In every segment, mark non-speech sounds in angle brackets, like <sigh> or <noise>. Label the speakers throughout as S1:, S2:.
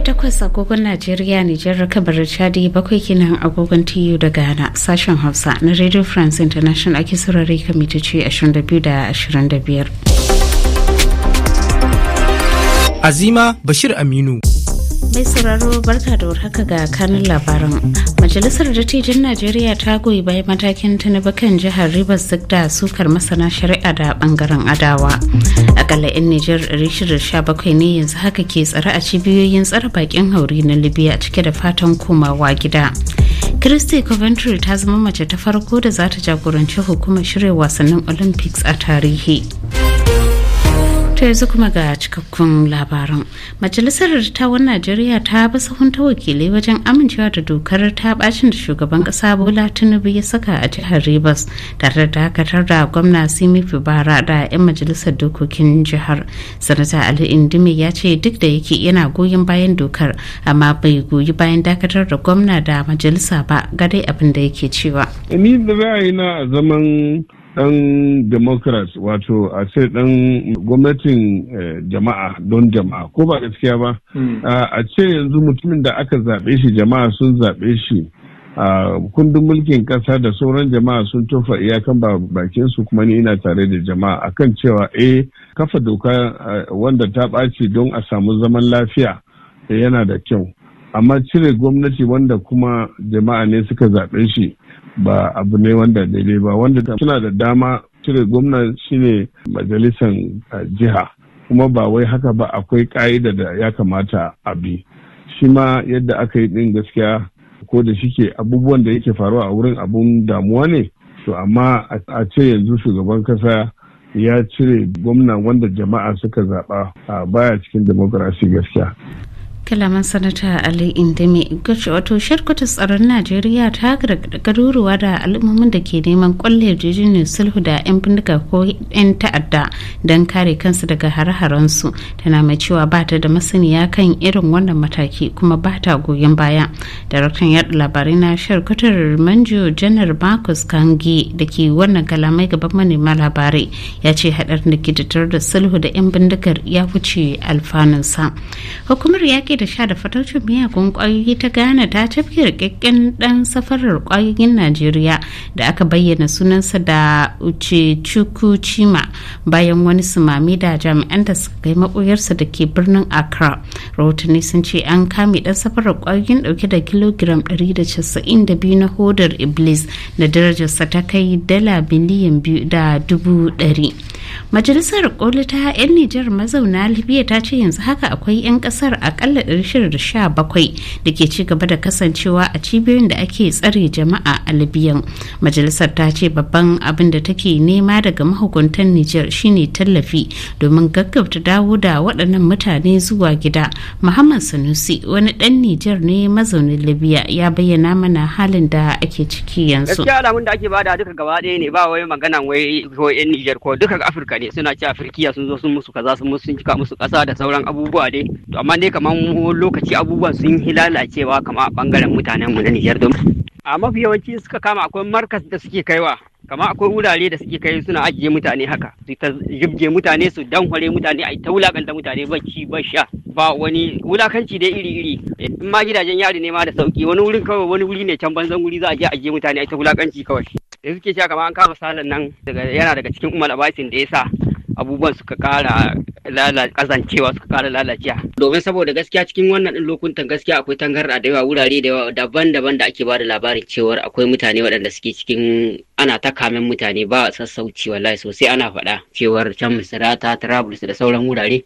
S1: karfe takwas agogon Najeriya Nijar kabar Chadi bakwai kenan agogon TU da Ghana sashen Hausa na Radio France International ake saurare mita ce 22 da 25.
S2: Azima Bashir Aminu
S1: mai sauraro barka da warhaka ga kanun labaran majalisar dattijan najeriya ta goyi bayan matakin na kan jihar rivers duk da sukar masana shari'a da bangaren adawa akalla 'yan nijar bakwai ne yanzu haka ke tsare a cibiyoyin tsare bakin hauri na libya cike da fatan komawa gida Christy Coventry ta zama mace ta farko da za ta jagoranci hukumar shirya wasannin Olympics a tarihi. To yanzu kuma ga cikakkun labaran. Majalisar Dattawan Najeriya ta bi sahun ta wakilai wajen amincewa da dokar ta bacin da shugaban kasa Bola Tinubu ya saka a jihar Rivers tare da dakatar da gwamna Simi fibara da 'yan majalisar dokokin jihar. Sanata Ali Indimi ya ce duk da yake yana goyon bayan dokar amma bai goyi bayan dakatar da gwamna da majalisa ba ga dai abin da yake cewa.
S3: Ni da a zaman Dan democrats wato a ce dan gwamnatin eh, jama'a don jama'a ko ba gaskiya ba hmm. a ce yanzu mutumin da aka zaɓe shi jama'a sun zaɓe shi a kundin mulkin ƙasa da sauran jama'a sun tofa iyakan bakin su kuma ni ina tare da jama'a akan cewa eh kafa doka wanda ta ɓaci don a samu zaman lafiya eh, yana da kyau amma cire gwamnati wanda kuma jama'a ne suka zaɓe shi ba abu ne wanda daidai ba wanda suna da dama cire gwamna shine majalisan eh, jiha kuma ba wai haka ba akwai ka'ida da ya kamata a bi shi ma yadda aka yi din gaskiya ko da shike abubuwan da yake faruwa a wurin abun damuwa ne to amma a ce yanzu shugaban kasa ya cire gwamna wanda jama'a suka zaɓa baya cikin demokrasi gaskiya
S1: kalaman sanata ali indemi gashi wato tsaron najeriya ta garuruwa da al'ummomin da ke neman kwalle jijinin sulhu da 'yan bindiga ko 'yan ta'adda don kare kansu daga har-haransu tana mai cewa ba ta da masaniya kan irin wannan mataki kuma ba ta goyon baya daraktan yaɗa labarai na shirkutar manjo janar marcus kangi da ke wannan kalamai gaban manema labarai ya ce haɗar da ke da sulhu da 'yan bindigar ya wuce alfanunsa hukumar yaƙi da sha da fataucin miyagun kwayoyi ta Ghana ta cafke rikakken ɗan safarar kwayoyin Najeriya da aka bayyana sunansa da uce Chukwu bayan wani sumami da jami'an da suka kai makoyarsa da ke birnin Accra. Rahotanni sun ce an kame ɗan safarar kwayoyin ɗauke da kilogiram 192 na hodar Iblis da darajarsa ta kai dala biliyan biyu da dubu dari Majalisar Koli ta 'yan Nijar mazauna Libya ta ce yanzu haka akwai 'yan ƙasar akalla 1917 da ke ci gaba da kasancewa a cibiyoyin da ake tsare jama'a a libyan majalisar ta ce babban abin da take nema daga mahukuntan niger shine tallafi domin gaggauta dawo da waɗannan mutane zuwa gida muhammad sanusi wani ɗan niger ne mazaunin libya ya bayyana mana halin da ake ciki yanzu gaskiya alamun
S4: da ake bada duka gaba ɗaya ne ba wai magana wai ko ko duka afirka ne suna ci afirkiya sun zo sun musu kaza sun musu cika musu kasa da sauran abubuwa dai to amma dai kaman kuma lokaci abubuwan sun yi lalacewa kama a bangaren mutanen mu na Nijar don a mafi yawanci suka kama akwai markas da suke kaiwa kama akwai wurare da suke kai suna ajiye mutane haka su ta jibge mutane su danhware mutane a ta wulakanta mutane bacci ba sha ba wani wulakanci dai iri iri in ma gidajen yari ne ma da sauki wani wurin kawai wani wuri ne can banzan wuri za a je ajiye mutane a ta wulakanci kawai da suke cewa kama an kama salon nan yana daga cikin umar abasin da ya sa abubuwan suka kara kazancewa suka kara lalacewa domin saboda gaskiya cikin wannan din lokuntan gaskiya akwai tangarda da yawa wurare da yawa daban-daban da ake bada labarin cewar akwai mutane waɗanda suke cikin ana ta kamen mutane ba sassauci wallahi sosai ana faɗa cewar can misira ta da sauran wurare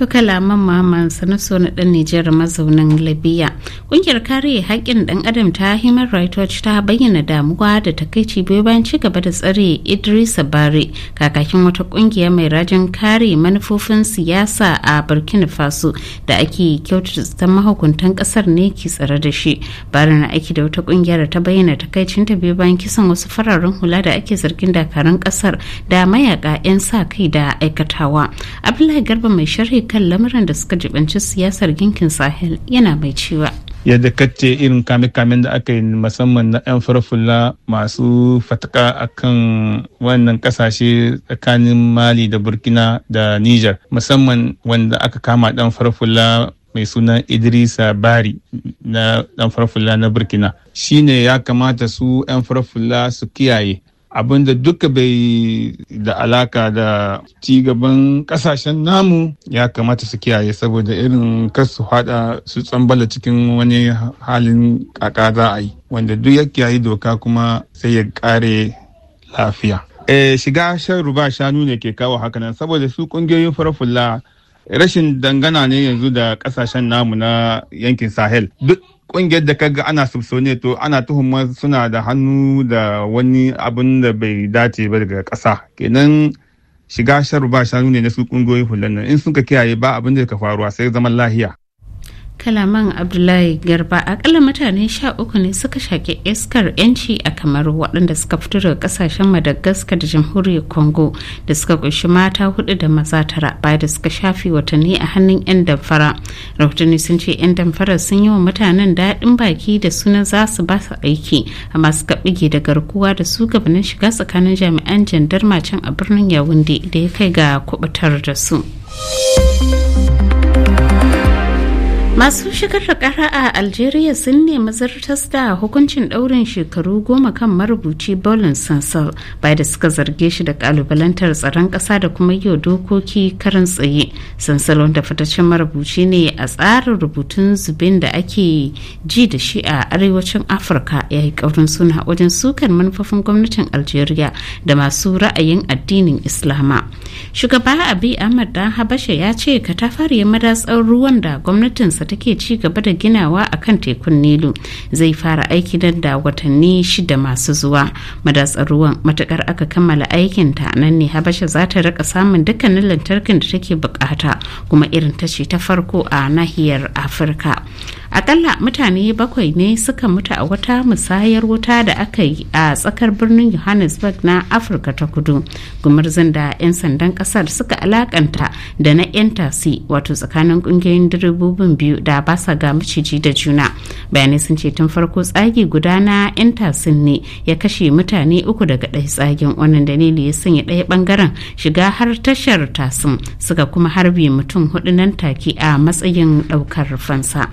S1: to kalaman muhammad sanusu na dan nijar mazaunin libya kungiyar kare haƙƙin ɗan adam ta human rights watch ta bayyana damuwa da takaici biyu bayan ci gaba da tsare idris bare kakakin wata kungiya mai rajin kare manufofin siyasa a burkina faso da ake kyautata mahukuntan kasar ne ke tsare da shi Bari na aiki da wata kungiyar ta bayyana takaicin ta biyu bayan kisan wasu fararen hula da ake zargin dakarun kasar da mayaka 'yan sa kai da aikatawa abdullahi garba mai sharhi kan lamuran da suka jibanci siyasar ginkin sahel yana mai cewa
S5: yadda kacce irin kame-kamen da aka yi musamman na 'yan farfula masu fataka a kan wannan kasashe tsakanin mali da burkina da niger musamman wanda aka kama dan farfula mai suna idrisa bari na dan farfula na burkina shine ya kamata su 'yan farfula su kiyaye abin da duka bai da alaka da ci gaban kasashen namu ya kamata su kiyaye saboda irin kasu su hada su tsambala cikin wani halin kaka za a yi wanda duk ya kiyaye doka kuma sai ya kare lafiya e, shiga shan ruba shanu ne ke kawo hakanan saboda su kungiyoyin farfulla rashin dangana ne yanzu da kasashen namu na yankin sahel duk kungiyar da kaga ana subsone to ana tuhuma suna da hannu da wani abin da bai dace ba daga ƙasa kenan shiga sharu ba shanu ne na su kungiyoyin hulan nan in suka kiyaye ba abin da ka faruwa sai zaman lahiya
S1: kalaman abdullahi garba akalla mutane sha uku ne suka shaƙi iskar yanci a kamar waɗanda suka fito daga ƙasashen madagascar da jamhuriyar congo da suka ƙunshi mata hudu da maza tara baya da suka shafi watanni a hannun 'yan damfara rahotanni sun ce 'yan damfara sun yi wa mutanen daɗin baki da suna za su ba su aiki amma suka bige da garkuwa da su gabanin shiga tsakanin jami'an jandarma can a birnin yawunde da ya kai ga kubutar da su. masu shigar da kara a algeria sun nemi zartas da hukuncin daurin shekaru goma kan marubuci bolin sansal bai da suka zarge shi da kalubalantar tsaron kasa da kuma yau dokoki karin tsaye sansal wanda fitaccen marubuci ne a tsarin rubutun zubin da ake ji da shi a arewacin afirka ya yi kaurin suna wajen sukar manufofin gwamnatin algeria da masu ra'ayin addinin islama shugaba abi ahmad dan habasha ya ce katafariyar madatsar ruwan da gwamnatinsa take ci gaba da ginawa a kan tekun nilu zai fara aiki nan da watanni shida masu zuwa madatsar ruwan matukar aka kammala aikin ta nan ne habasha za ta rika samun dukkanin lantarkin da take bukata kuma irin ta ta farko a nahiyar afirka akalla mutane bakwai ne suka mutu a wata musayar wuta da aka yi a tsakar birnin johannesburg na afirka ta kudu gumurzun da 'yan sandan kasar suka alakanta da na 'yan tasi wato tsakanin kungiyoyin direbobin biyu da ba sa ga maciji da juna bayanai sun ce tun farko tsagi guda na 'yan tasin ne ya kashe mutane uku daga ɗaya tsagen wannan dalili ya sanya ɗaya bangaren shiga har tashar tasin suka kuma harbe mutum hudu nan take a matsayin ɗaukar fansa.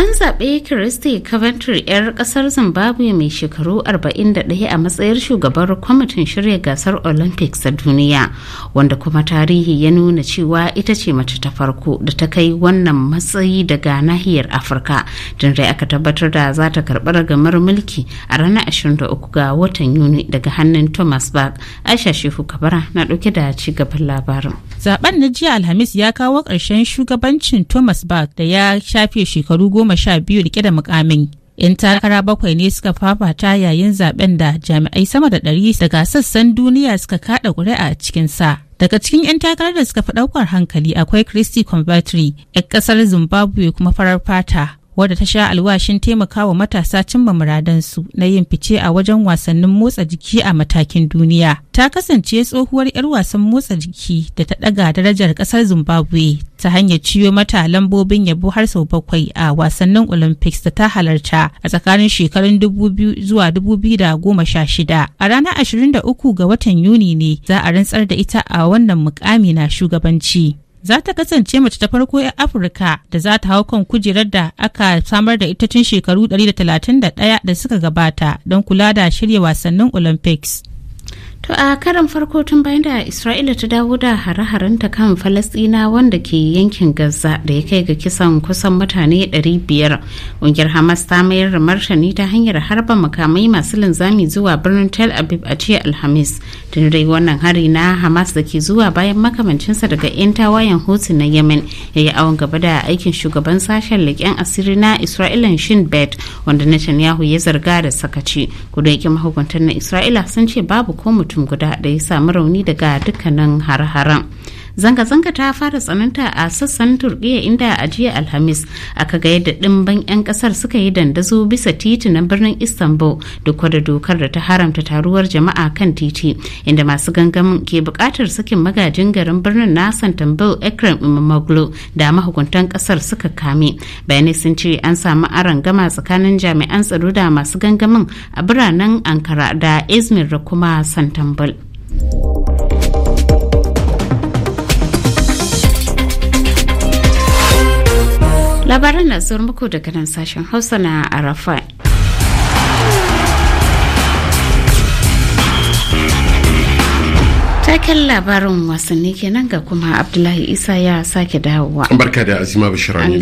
S1: an zaɓe Kiristi Coventry 'yar ƙasar Zimbabwe mai shekaru 41 a matsayar shugabar kwamitin shirya gasar Olympics a duniya, wanda kuma tarihi ya nuna cewa ita ce mace ta farko da ta kai wannan matsayi daga nahiyar Afirka. Tun da aka tabbatar da za ta karɓi ragamar mulki a ranar 23 ga watan Yuni daga hannun Thomas Bach. Aisha
S4: Shehu Kabara na ɗauke da ci gaban labarin. zaben na jiya alhamis ya kawo ƙarshen shugabancin thomas bach da ya shafe shekaru goma sha biyu rike da mukamin 'yan takara bakwai ne suka fafata yayin zaben da jami'ai sama da ɗari daga sassan duniya suka kaɗa ƙuri'a a cikinsa. Daga cikin 'yan takarar da suka fi ɗaukar hankali akwai Christy Convertry, 'yan ƙasar Zimbabwe kuma farar fata. wadda ta sha alwashin taimakawa matasa cimma muradansu na yin fice a wajen wasannin motsa jiki a matakin duniya. Ta kasance tsohuwar 'yar wasan motsa jiki da ta ɗaga darajar ƙasar Zimbabwe ta hanyar ciyo mata lambobin yabo har sau bakwai a wasannin Olympics da ta halarta a tsakanin shekarun 2000 zuwa 2016. A ranar 23 ga watan Yuni ne za a rantsar da ita a wannan mukami na shugabanci. za ta kasance mace ta farko 'yan afirka da za ta hau kan kujerar da aka samar da ita tun shekaru 131 da suka gabata don kula da shirya wasannin olympics
S1: a karan farko tun bayan da isra'ila ta dawo da hare-harenta kan falasɗina wanda ke yankin gaza da ya kai ga kisan kusan mutane 500 ƙungiyar hamas ta mayar da martani ta hanyar harba makamai masu linzami zuwa birnin tel aviv a jiya alhamis tun dai wannan hari na hamas da ke zuwa bayan makamancinsa daga 'yan tawayen hutu na yemen ya yi awon gaba da aikin shugaban sashen leƙen asiri na isra'ilan shin bet wanda netanyahu ya zarga da sakaci kudu mahukuntan na isra'ila sun ce babu ko mutum guda ɗaya samu rauni daga dukkanin har-haren zanga-zanga ta fara tsananta a sassan turkiya inda a jiya alhamis aka ga yadda ɗimban 'yan kasar suka yi dandazo bisa titi na birnin istanbul duk da dokar da ta haramta taruwar jama'a kan titi inda masu gangamin ke bukatar sakin magajin garin birnin na santambul ekran imamoglu da mahukuntan kasar suka kame bayanai sun ce an samu aron gama tsakanin jami'an tsaro da masu gangamin a biranen ankara da izmir da kuma santambul. labaran na zuwa muku daga nan sashen hausa na arafa taken labarin wasanni kenan ga kuma abdullahi isa ya sake dawowa
S6: barka da azima bashira ne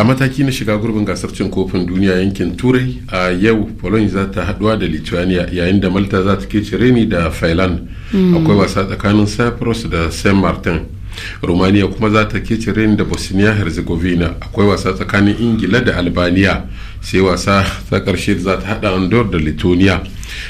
S6: a mataki na shiga gurbin gasar cin kofin duniya yankin turai a yau poland za ta haduwa da lithuania yayin da malta za ta cire ni da finland hmm. akwai wasa tsakanin cyprus da saint martin romania kuma za ta kece rain da bosnia herzegovina akwai wasa tsakanin ingila da albania sai wasa ta karshe za ta hada andor da lithuania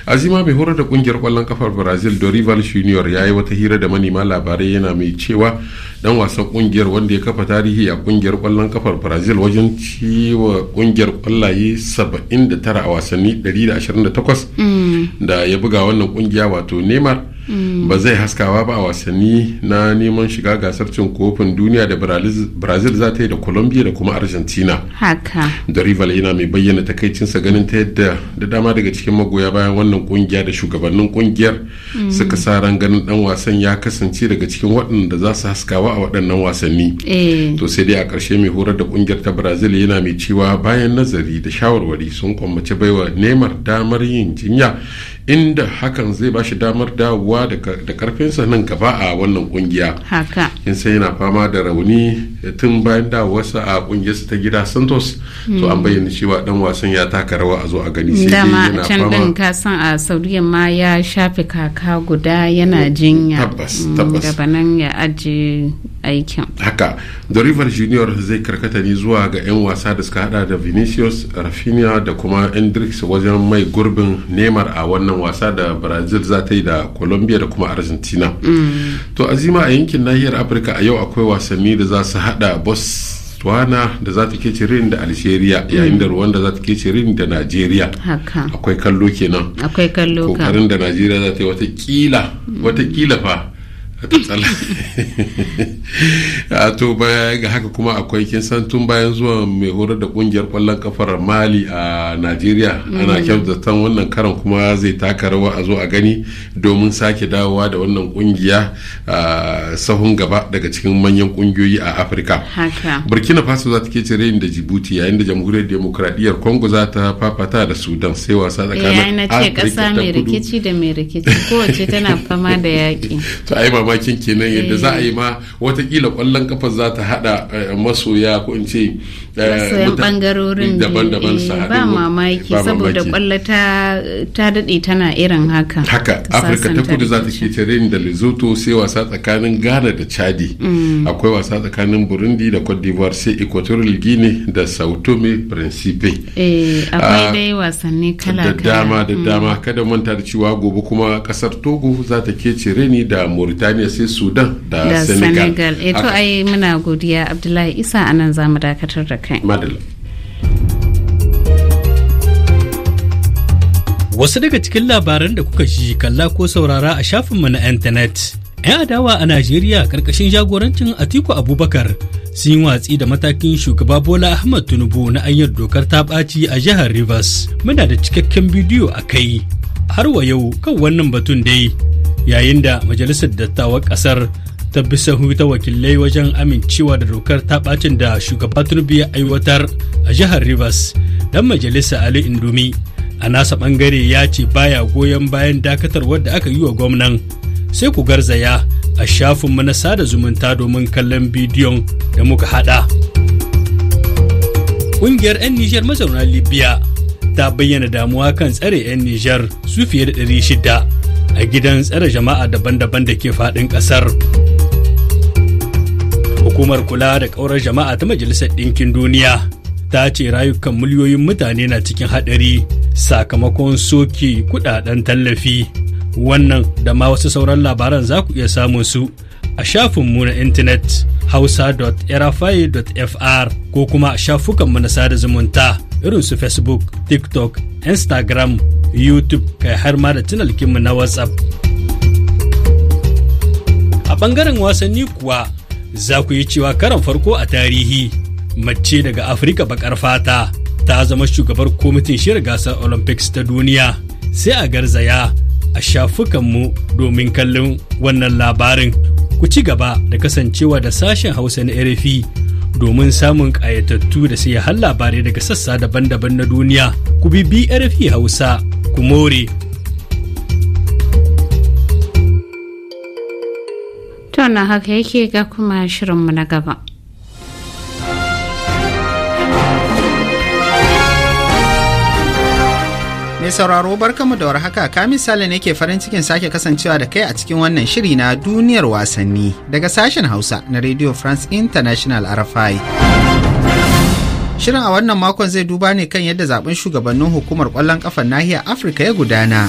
S6: azima mai horar da kungiyar kwallon kafar brazil dorival junior ya yi wata hira da manema labarai yana mai cewa dan wasan kungiyar wanda ya kafa tarihi a kungiyar kwallon kafar brazil wajen ciwa kungiyar kwallaye 79 a wasanni 128 mm. da ya buga wannan kungiya wato neymar ba zai haskawa ba a wasanni na neman shiga gasar cin kofin duniya da brazil za ta yi da colombia da kuma argentina haka da rival yana mai bayyana takaicinsa ganin ta yadda da dama daga cikin magoya bayan wannan kungiya da shugabannin kungiyar mm. suka sa ran ganin dan wasan ya kasance daga cikin waɗanda za su haskawa a waɗannan wasanni eh. to sai dai a ƙarshe mai horar da kungiyar ta brazil yana mai cewa bayan nazari da shawarwari sun kwamace baiwa neymar damar yin jinya inda hakan zai ba shi damar dawowa da karfinsa nan gaba a wannan kungiya in sai yana fama da rauni eh, tun bayan dawowarsa a kungiyarsa ta gida santos
S1: to an hmm. bayyana
S6: cewa dan wasan ya taka rawa a zo a gani sai dai yana fama dama ka
S1: san a saudiya ma ya shafe kaka guda yana jinya tabbas tabbas hmm, ya aje aikin
S6: haka river junior zai karkata ne zuwa ga 'yan wasa da suka hada da vinicius rafinha da kuma hendrix wajen mai gurbin neymar a wannan wasa da brazil za ta yi da colombia da kuma argentina mm. to azima a yankin nahiyar afirka a yau akwai wasanni da za su hada bos wana da za ta kece rin da algeria mm. yayin da rwanda za ta kece rin da nigeria akwai kallo kenan
S1: akwai kallo kokarin
S6: da nigeria za ta yi watakila watakila fa matsala <laughs> a to baya ga haka kuma akwai kin san tun bayan zuwa mai horar da kungiyar kwallon kafar mali a najeriya ana mm. ta wannan karan kuma zai taka rawa a zo a gani domin sake dawowa da wannan kungiya sahun gaba daga cikin manyan kungiyoyi a afirka burkina faso za ta ke cire da jibuti yayin da jamhuriyar demokradiyyar congo za ta fafata da sudan sai wasa eh, tsakanin afirka ta kudu mai rikici
S1: da mai rikici kowace tana fama da yaƙi
S6: <laughs> bakin kenan yadda za a yi eh. ma watakila kwallon kafa za ta hada eh, masoya ko in ce masoyan bangarorin daban-daban ba mamaki saboda kwallo
S1: ta daɗe tana irin haka haka
S6: afirka ta kudu za ta ke tare da lesotho sai wasa tsakanin ghana da chadi mm. akwai wasa tsakanin burundi da cote d'ivoire sai equatorial guinea da sao tome principe
S1: eh, akwai ah, dai wasanni kala da dama da mm. dama
S6: kada manta da cewa gobe kuma kasar togo za ta ke ni da mauritania sai sudan da senegal eh, to
S1: ai muna godiya abdullahi isa anan zamu dakatar da
S2: Wasu daga cikin labaran da kuka ji kalla ko saurara a shafinmu na intanet. 'Yan adawa a Najeriya ƙarƙashin jagorancin Atiku Abubakar sun yi watsi da matakin shugaba Bola Ahmad Tinubu na anyar dokar ta ɓaci a jihar Rivers. Muna da cikakken bidiyo a kai. Har wa yau kan wannan batun dai yayin da Majalisar Dattawan ƙasar ta bisa ta wakilai wajen amincewa da dokar ta bacin da shugaba tinubu ya aiwatar a jihar rivers dan majalisa ali indomi a nasa bangare ya ce baya goyon bayan dakatarwar da aka yi wa gwamnan sai ku garzaya a shafinmu na sada zumunta domin kallon bidiyon da muka hada ƙungiyar 'yan nijar mazauna libya ta bayyana damuwa kan tsare 'yan nijar su fiye da 600 a gidan tsare jama'a daban-daban da ke faɗin ƙasar. Hukumar kula da ƙaurar jama'a ta Majalisar Ɗinkin Duniya ta ce rayukan miliyoyin mutane na cikin haɗari sakamakon soke kudaden tallafi. Wannan da ma wasu sauran labaran za ku iya samun su a shafinmu na intanet hausa.rfi.fr ko kuma a shafukanmu na sada zumunta irin su Facebook, TikTok, Instagram, YouTube kai har ma da tunalkinmu na WhatsApp. A ɓangaren wasanni kuwa za ku yi cewa karan farko a tarihi mace daga afirka bakar fata ta zama shugabar kwamitin shirin gasar olympics ta duniya sai a garzaya a shafukanmu domin kallon wannan labarin ku ci gaba da kasancewa da sashen hausa na rfi domin samun ƙayatattu da sai ya labarai daga sassa daban-daban na duniya ku bi rfi hausa ku more
S1: wannan haka yake ga kuma shirinmu na gaba.
S7: Mai sauraro barkamu da warhaka ka misali ne ke farin cikin sake kasancewa da kai a cikin wannan shiri na duniyar wasanni daga sashen Hausa na Radio France International RFI. Shirin a wannan makon zai duba ne kan yadda zaben shugabannin hukumar kwallon kafar nahiyar Afirka ya gudana.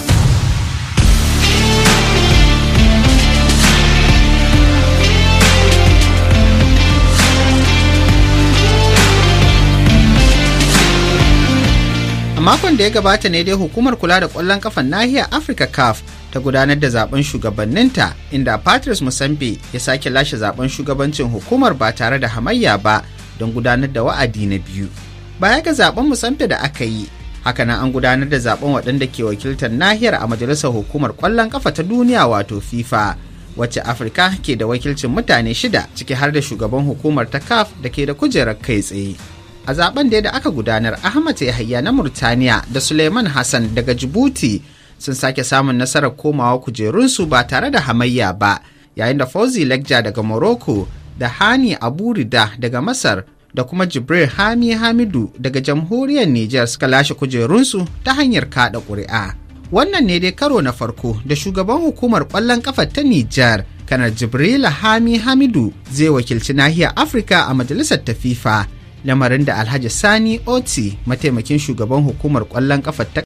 S7: makon da ya gabata ne dai hukumar kula da kwallon kafan nahiyar Afirka CAF ta gudanar da zaben shugabanninta inda Patrice Musambe ya sake lashe zaben shugabancin hukumar ba tare da hamayya ba don gudanar da wa'adi na biyu. Baya ga zaben Musambe da aka yi, hakanan an gudanar da zaben waɗanda ke wakiltar nahiyar a majalisar hukumar kwallon kafa ta duniya wato FIFA. wacce afirka ke da wakilcin mutane shida ciki har da shugaban hukumar ta caf da ke da kujerar kai tsaye a zaben da aka gudanar ahmad yahaya na murtaniya da suleiman hassan daga jibuti sun sake samun nasarar komawa kujerunsu ba tare da hamayya ba yayin da fauzi lekja daga morocco da hani aburida daga masar da kuma jibril hami hamidu daga jamhuriyar niger suka lashe kujerunsu ta hanyar kada ƙuri'a wannan ne dai karo na farko da shugaban hukumar ƙwallon ƙafa ta niger kanar jibril hami hamidu zai wakilci nahiyar afirka a majalisar ta fifa lamarin da alhaji sani oti mataimakin shugaban hukumar kwallon kafa ta